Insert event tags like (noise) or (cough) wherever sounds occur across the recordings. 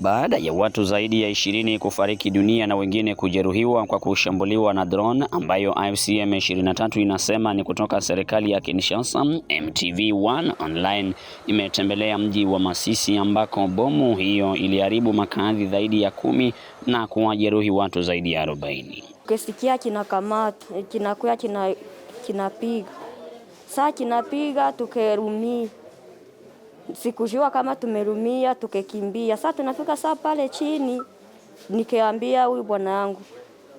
baada ya watu zaidi ya ishirini kufariki dunia na wengine kujeruhiwa kwa kushambuliwa na drone ambayo IFCM 23 inasema ni kutoka serikali ya Kinshasa. MTV1 online imetembelea mji wa Masisi ambako bomu hiyo iliharibu makazi zaidi ya kumi na kuwajeruhi watu zaidi ya 40. Ukisikia kinakamata kinakuya kinapiga saa kinapiga tukerumia sikujua kama tumerumia tukekimbia. Sasa tunafika saa pale chini, nikiambia huyu bwana yangu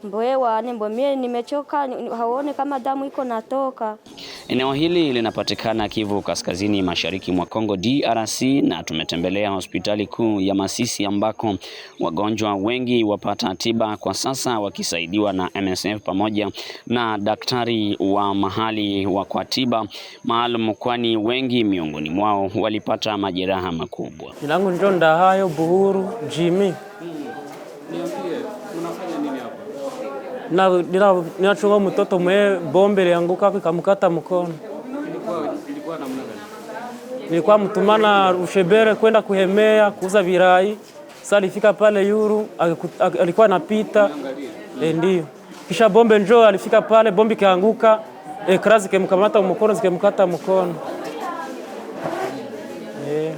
mboe ni mbomie, nimechoka, hauone kama damu iko natoka. Eneo hili linapatikana Kivu Kaskazini, mashariki mwa Kongo DRC, na tumetembelea hospitali kuu ya Masisi ambako wagonjwa wengi wapata tiba kwa sasa wakisaidiwa na MSF pamoja na daktari wa mahali wa kwa tiba maalum, kwani wengi miongoni mwao walipata majeraha makubwa. Jina langu Njonda Hayo Buhuru Jimi. ninachunga mtoto mwe bombe lianguka ikamkata mkono. Nilikuwa mtumana Rushebere kwenda kuhemea kuuza virai, sasa alifika pale yuru alikuwa anapita e, ndio kisha bombe njo alifika pale bombe kaanguka e, kra zikemkamata mkono zikemkata mkono e,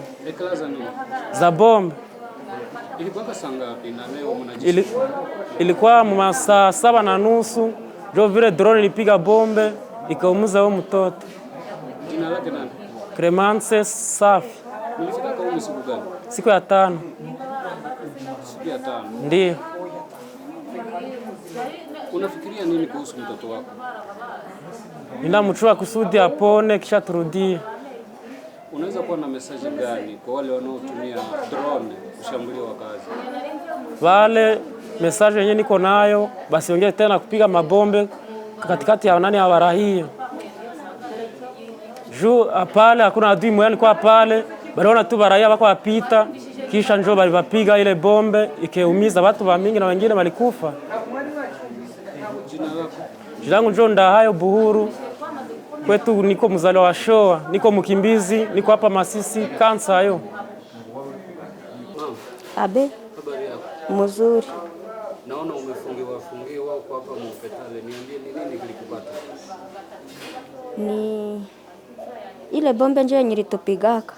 za bombe ili, ilikuwa mu masaa saba na nusu ndio vile drone ilipiga bombe ikaumuza huyo mtoto. Jina lake nani? Clemence Safi. Siku ya tano. Siku ya tano. Ndiyo. Unafikiria nini kuhusu mtoto wako? Ninamuchua kusudi apone kisha turudie. Unaweza kuwa na message gani kwa wale wanaotumia drone kushambulia wakazi? Wale message yenyewe niko nayo, basi ongea tena kupiga mabombe katikati ya nani rahia juu apale ah, hakuna adui mwani kwa pale baliona tu baraia wako wapita, kisha njo balivapiga ile bombe ikeumiza watu wa mingi na wengine walikufa. Jina langu njoo Ndahayo Buhuru kwetu niko mzaliwa wa Shoa, niko mkimbizi, niko hapa Masisi kansa hiyo. Abe, habari yako? Mzuri. Naona umefungiwa fungiwa kwa hapa hospitali. Niambie ni nini kilikupata? Ni ile bombe nje nilitupigaka.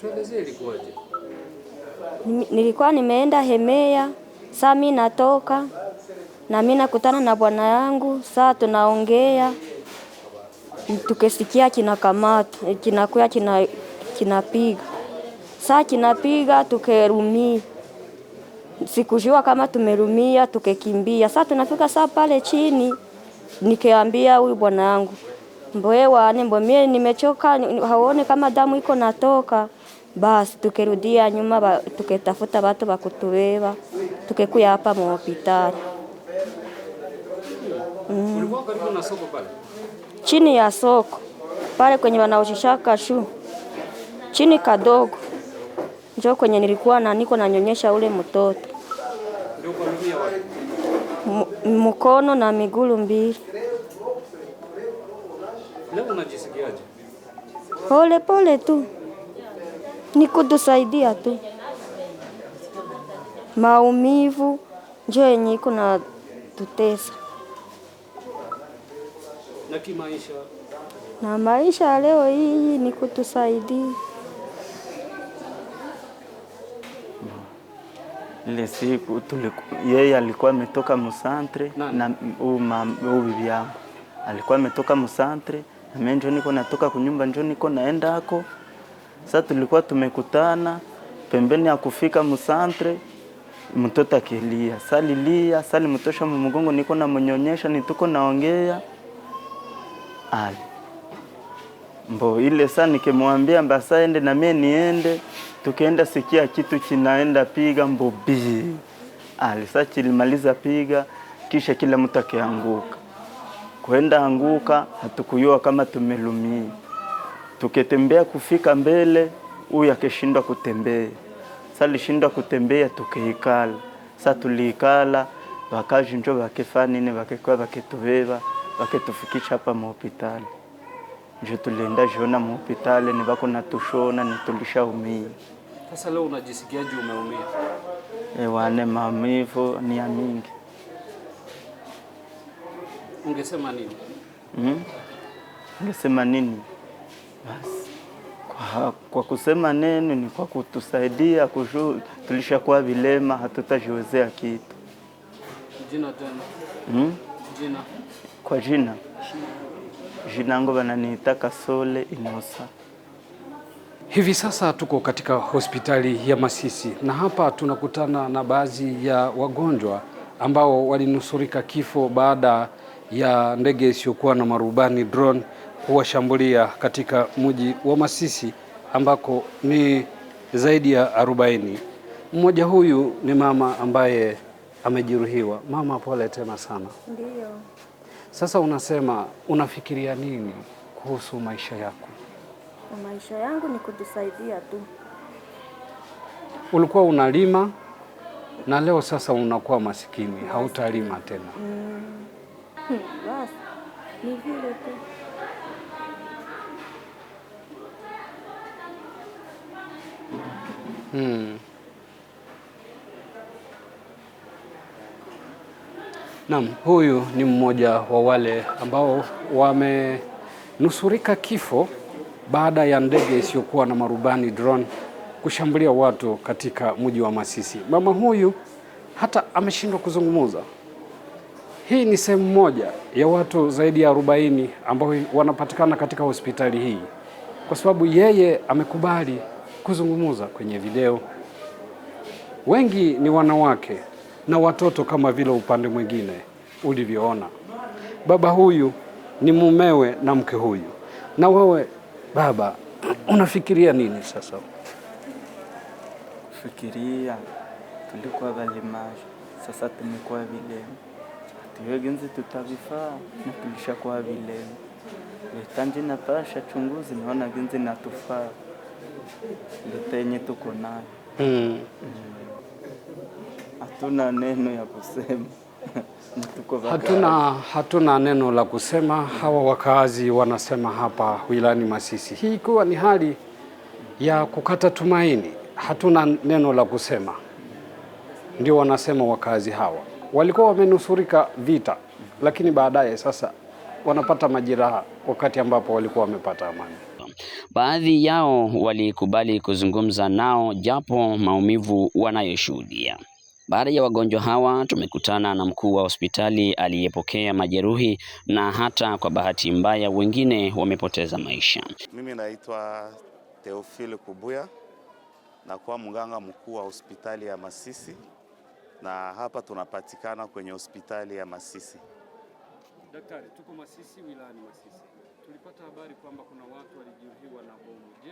Tuelezee ilikuwaje? Nilikuwa nimeenda Hemea, sami natoka na mimi nakutana na bwana yangu, saa tunaongea tukisikia kinakamata eh, kinakuya kina kinapiga saa kinapiga, tukerumia, sikujua kama tumerumia, tukekimbia. Saa tunafika saa pale chini, nikeambia huyu bwana yangu, mboe wane mbo mie nimechoka, haone kama damu iko natoka. Basi tukerudia nyuma, tuketafuta watu wakutubeba, tukekuya hapa mu hospitali karibu na soko pale, chini ya soko pale kwenye wanaoshesha kashu, chini kadogo njo kwenye nilikuwa na niko nanyonyesha ule mtoto mkono na miguu mbili. Leo unajisikiaje? Pole pole tu, nikutusaidia tu. Maumivu njo yenye iko na tutesa na kimaisha. Na maisha leo hii ni kutusaidia ile siku yeye alikuwa ametoka musantre na huyu bibi yangu alikuwa ametoka musantre, na mimi ndio niko natoka kunyumba, ndio niko naenda hako. Sasa tulikuwa tumekutana pembeni ya kufika musantre, mtoto akilia salilia sali mtosha mumugongo, niko namnyonyesha, nituko naongea ali mbo ile saa nikimwambia mbasa ende na mimi niende, tukaenda sikia kitu kinaenda piga mbo bi ali saa chilimaliza piga, kisha kila mtu akianguka kwenda anguka, hatukuyua kama tumelumia. Tuketembea kufika mbele, huyu akishindwa kutembea, saa lishindwa kutembea, tukeikala saa tuliikala, wakaji njo wakefanya nini, wakekwa waketubeba wakitufikisha hapa muhopitali, njo tulienda jiona muhopitali ni bako tushona ni tulisha tulishaumia. Sasa leo unajisikiaje? Umeumia e, wane maumivu ni ya mingi. Ungesema nini? Mm? Ungesema nini? Basi kwa, kwa kusema neno ni kwa kutusaidia kujua tulishakuwa vilema, hatutajiwezea kitu. Jina tena. Mm? Jina. Kwa jina jina yangu wananiita Kasole Inosa. Hivi sasa tuko katika hospitali ya Masisi na hapa tunakutana na baadhi ya wagonjwa ambao walinusurika kifo baada ya ndege isiyokuwa na marubani drone kuwashambulia katika mji wa Masisi ambako ni zaidi ya arobaini. Mmoja huyu ni mama ambaye amejeruhiwa. Mama, pole tena sana. Ndiyo. Sasa unasema unafikiria nini kuhusu maisha yako? Maisha yangu ni kujisaidia tu. Ulikuwa unalima na leo sasa unakuwa masikini, hautalima tena. Mm. Hmm, bas, ni vile tu. Hmm. Naam, huyu ni mmoja wa wale ambao wamenusurika kifo baada ya ndege isiyokuwa na marubani drone kushambulia watu katika mji wa Masisi. Mama huyu hata ameshindwa kuzungumza. Hii ni sehemu moja ya watu zaidi ya 40 ambao wanapatikana katika hospitali hii, kwa sababu yeye amekubali kuzungumza kwenye video. Wengi ni wanawake na watoto kama vile upande mwingine ulivyoona. Baba huyu ni mumewe na mke huyu, na wewe baba unafikiria nini sasa? Fikiria tulikuwa valimaji, sasa tumekuwa vilema, tuyogenzi tutavifaa na tulishakuwa vilema litanji na pasha chunguzi naona genzi natufaa lipenye tuko nayo hmm. Hmm. Hatuna neno ya kusema. (laughs) Hatuna, hatuna neno la kusema. Hawa wakaazi wanasema hapa wilani Masisi, hii ikiwa ni hali ya kukata tumaini. Hatuna neno la kusema, ndio wanasema wakaazi hawa. Walikuwa wamenusurika vita, lakini baadaye sasa wanapata majeraha wakati ambapo walikuwa wamepata amani. Baadhi yao walikubali kuzungumza nao japo maumivu wanayoshuhudia baada ya wagonjwa hawa tumekutana na mkuu wa hospitali aliyepokea majeruhi na hata kwa bahati mbaya wengine wamepoteza maisha. Mimi naitwa Theophile Kubuya na kuwa mganga mkuu wa hospitali ya Masisi na hapa tunapatikana kwenye hospitali ya Masisi. Daktari, tuko Masisi wilayani Masisi. Tulipata habari kwamba kuna watu walijeruhiwa na bomu. Je,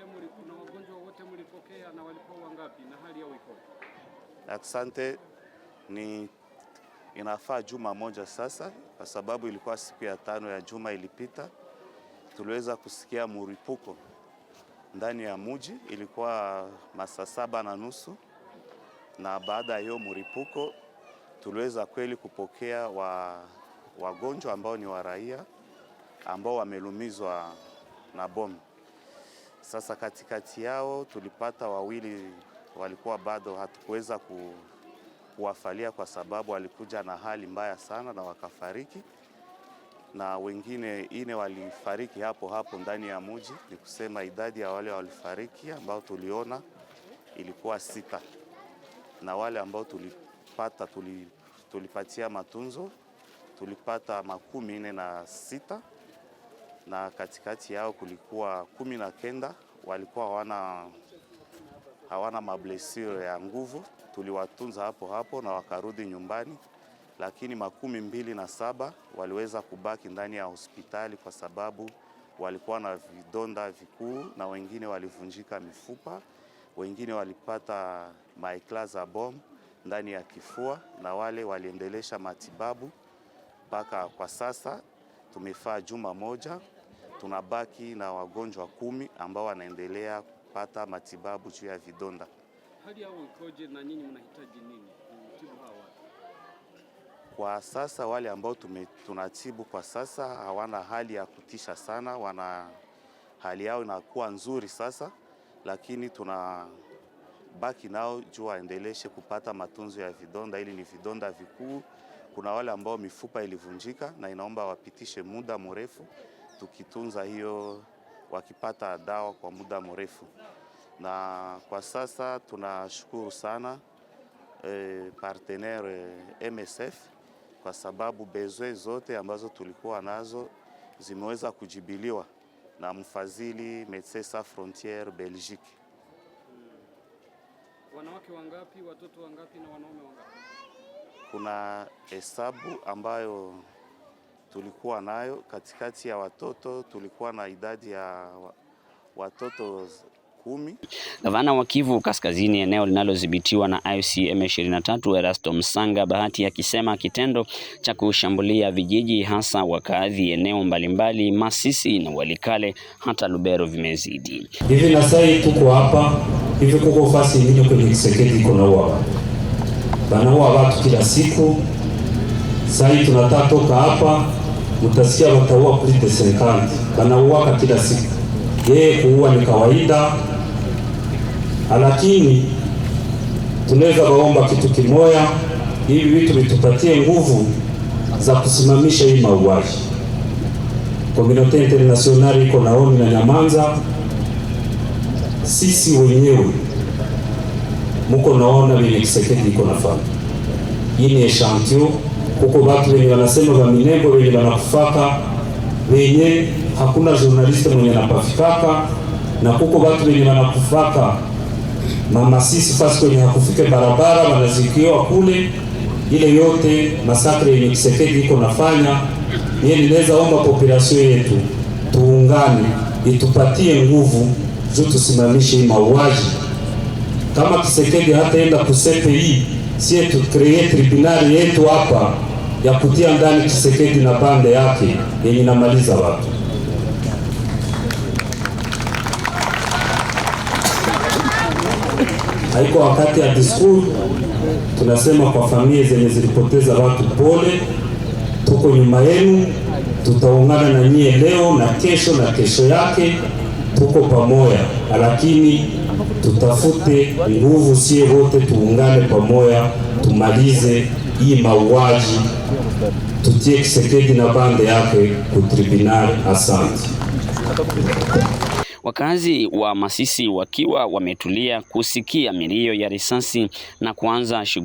na wagonjwa wote mlipokea na walikuwa wangapi na hali yao iko? Asante ni inafaa juma moja sasa, kwa sababu ilikuwa siku ya tano ya juma ilipita, tuliweza kusikia muripuko ndani ya muji, ilikuwa masaa saba na nusu, na baada ya hiyo muripuko tuliweza kweli kupokea wa, wagonjwa ambao ni waraia ambao wamelumizwa na bomu. Sasa katikati yao tulipata wawili walikuwa bado hatukuweza ku, kuwafalia kwa sababu walikuja na hali mbaya sana na wakafariki, na wengine ine walifariki hapo hapo ndani ya mji. Ni kusema idadi ya wale walifariki ambao tuliona ilikuwa sita, na wale ambao tulipata tuli, tulipatia matunzo tulipata makumi nne na sita na katikati yao kulikuwa kumi na kenda walikuwa hawana hawana mablesure ya nguvu, tuliwatunza hapo hapo na wakarudi nyumbani, lakini makumi mbili na saba waliweza kubaki ndani ya hospitali kwa sababu walikuwa na vidonda vikuu, na wengine walivunjika mifupa, wengine walipata maeklaza bom ndani ya kifua, na wale waliendelesha matibabu mpaka kwa sasa. Tumefaa juma moja, tunabaki na wagonjwa kumi ambao wanaendelea kupata matibabu juu ya vidonda. Hali yao ikoje na nyinyi mnahitaji nini kutibu hawa watu? Kwa sasa wale ambao tunatibu kwa sasa hawana hali ya kutisha sana, wana hali yao inakuwa nzuri sasa, lakini tuna baki nao juu waendeleshe kupata matunzo ya vidonda, ili ni vidonda vikuu. Kuna wale ambao mifupa ilivunjika na inaomba wapitishe muda mrefu tukitunza hiyo wakipata dawa kwa muda mrefu, na kwa sasa tunashukuru sana e, partenaire MSF kwa sababu bezwe zote ambazo tulikuwa nazo zimeweza kujibiliwa na mfadhili Medecins Sans Frontieres Belgique. Wanawake wangapi, watoto wangapi na wanaume wangapi? Kuna hesabu ambayo tulikuwa nayo katikati ya watoto, tulikuwa na idadi ya watoto kumi. Gavana wa Kivu Kaskazini, eneo linalodhibitiwa na AFC M23, Erasto Msanga Bahati akisema kitendo cha kushambulia vijiji hasa wakaadhi eneo mbalimbali Masisi na Walikale hata Lubero vimezidi. Hivi na sai tuko hapa hivi, kuko fasi ingine kwenye Kisekedi iko watu banaua watu kila siku, sai tunataka toka hapa mtasikia wataua plite serikali, wanauaka kila siku. Yeye kuua ni kawaida, lakini tunaweza waomba kitu kimoya, hivi vitu vitupatie nguvu za kusimamisha hii mauaji. Komunote international iko naomi na nyamanza, sisi wenyewe muko naona vile Kisekedi iko nafanya. Hii ni eshantio huko watu wenye wanasema minego wenye wanakufaka wenye hakuna journaliste mwenye napafikaka na kuko watu wenye wanakufaka mamasisi fasi kwenye hakufike barabara wanazikiwa kule. Ile yote masakre yenye Kisekedi iko nafanya ye, ninaweza omba population yetu tuungane, itupatie nguvu juu tusimamishe hii mauaji. Kama Kisekedi hataenda kusepe hii, sie tukreye tribunali yetu hapa ya kutia ndani chisekedi na bande yake yenye inamaliza watu. Haiko wakati ya diskuru, tunasema kwa familia zenye zilipoteza watu pole, tuko nyuma yenu, tutaungana na nyie leo na kesho na kesho yake, tuko pamoja, lakini tutafute nguvu, sie wote tuungane pamoja, tumalize hii mauaji, tutie Kisekedi na bande yake ku tribunal. Asante. Wakazi wa Masisi wakiwa wametulia kusikia milio ya risasi na kuanza shughuli.